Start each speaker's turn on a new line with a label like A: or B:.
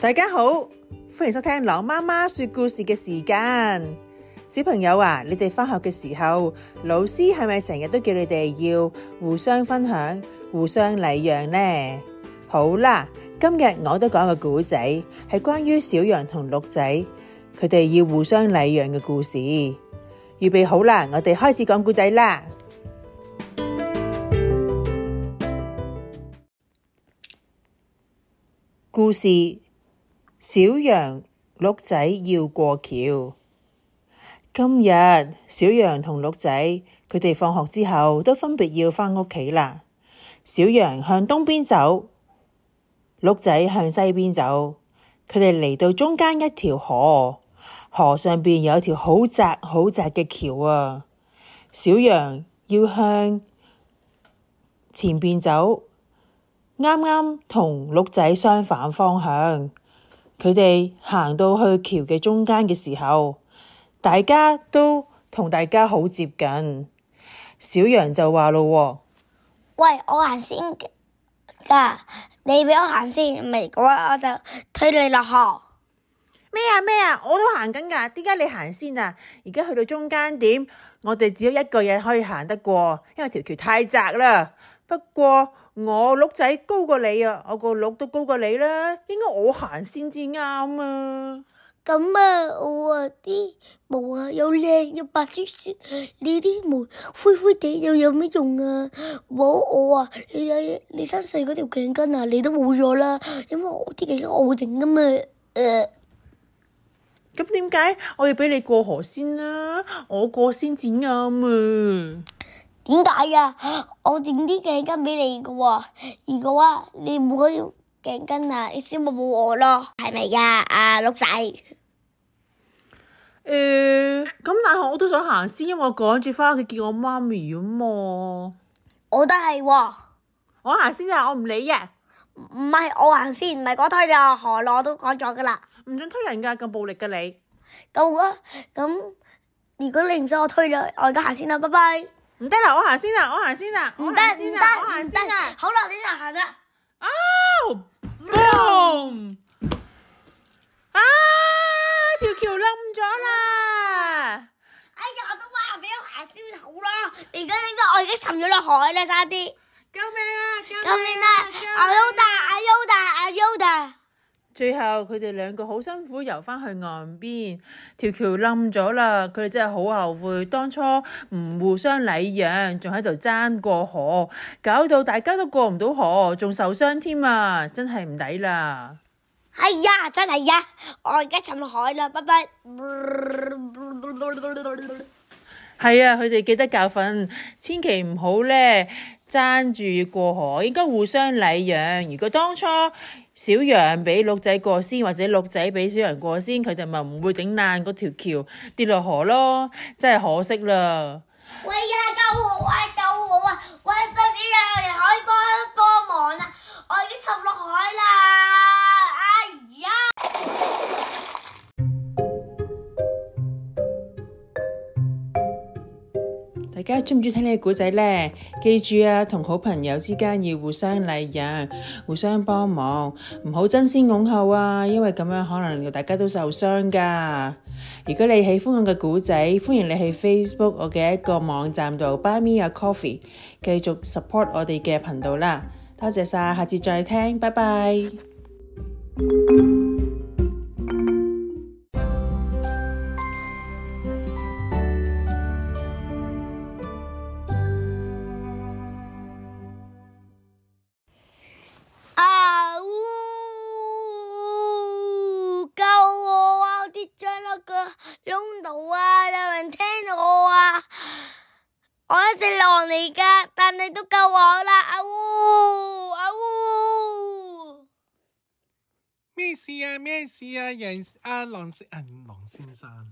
A: 大家好，歡迎收聽老媽媽說故事嘅時間。小朋友啊，你哋返學嘅時候，老師係咪成日都叫你哋要互相分享、互相禮讓呢？好啦，今日我都講個故仔，係關於小羊同鹿仔，佢哋要互相禮讓嘅故事。預備好啦，我哋開始講故仔啦。故事。小羊、鹿仔要過橋。今日小羊同鹿仔，佢哋放學之後都分別要返屋企啦。小羊向東邊走，鹿仔向西邊走。佢哋嚟到中間一條河，河上邊有一條好窄、好窄嘅橋啊。小羊要向前邊走，啱啱同鹿仔相反方向。佢哋行到去橋嘅中間嘅時候，大家都同大家好接近。小羊就話咯，
B: 喂，我行先噶，你俾我行先，唔係嘅話我就推你落河。咩啊咩啊，我都行緊噶，點解你行先啊？而家去到
A: 中間點，我哋只有一個人可以行得過，因為條橋太窄啦。不過我鹿仔高過你啊，我個鹿都高過你啦，應該我行先
B: 至啱啊。咁啊，我啊啲毛啊又靚又白雪雪，你啲毛灰灰地又有乜用啊？冇我啊，你有、啊、你身上嗰條頸巾啊，你都冇咗啦，因為我啲頸巾我會整噶嘛。誒、呃，咁點解我要畀你過河先啦、啊？我過先至啱啊！點解呀？我整啲頸巾俾你噶喎，如果啊，你冇嗰條頸巾啊，你先冇我咯，係咪呀？阿鹿仔，誒，咁但係
A: 我都想行先，因為我趕住翻屋企見我媽咪啊嘛。我都係，我
B: 行先呀，我唔理呀，唔係我行先，唔係我推你啊，何樂我都講咗噶啦，唔准推人噶，咁暴力噶你，夠啊，咁如果你唔想我推你，我而家行先啦，拜拜。唔得啦，我行先啦，我行先啦，我行先啦，我行先啦，好啦，你就行啦。啊，boom！啊，條橋冧咗啦！哎呀，我都話俾我行先好啦，你而家應該我已經沉咗落海啦，差啲，救命！
A: 最後佢哋兩個好辛苦游翻去岸邊，條橋冧咗啦。佢哋真係好後悔當初唔互相禮讓，仲喺度爭過河，搞到大家都過唔到河，仲受傷添啊！真係唔抵啦。
B: 係呀，真係呀，我而家沉落海啦，拜
A: 拜。係啊，佢哋記得教訓，千祈唔好咧爭住過河，應該互相禮讓。如果當初。小羊畀鹿仔過先，或者鹿仔畀小羊過先，佢哋咪唔會整爛嗰條橋，跌落河咯，真係可惜啦。大家中唔中意聽呢個故仔呢？記住啊，同好朋友之間要互相禮讓、互相幫忙，唔好爭先恐後啊！因為咁樣可能大家都受傷噶。如果你喜歡我嘅故仔，歡迎你喺 Facebook 我嘅一個網站度 Buy Me a Coffee，繼續 support 我哋嘅頻道啦！多謝晒啊，下次再聽，拜拜。
B: 窿到啊！有人聽到我啊！我一隻狼嚟噶，但你都救我啦！啊嗚！烏、啊，阿烏，咩事啊？咩事啊？人啊！狼阿、啊、狼先生。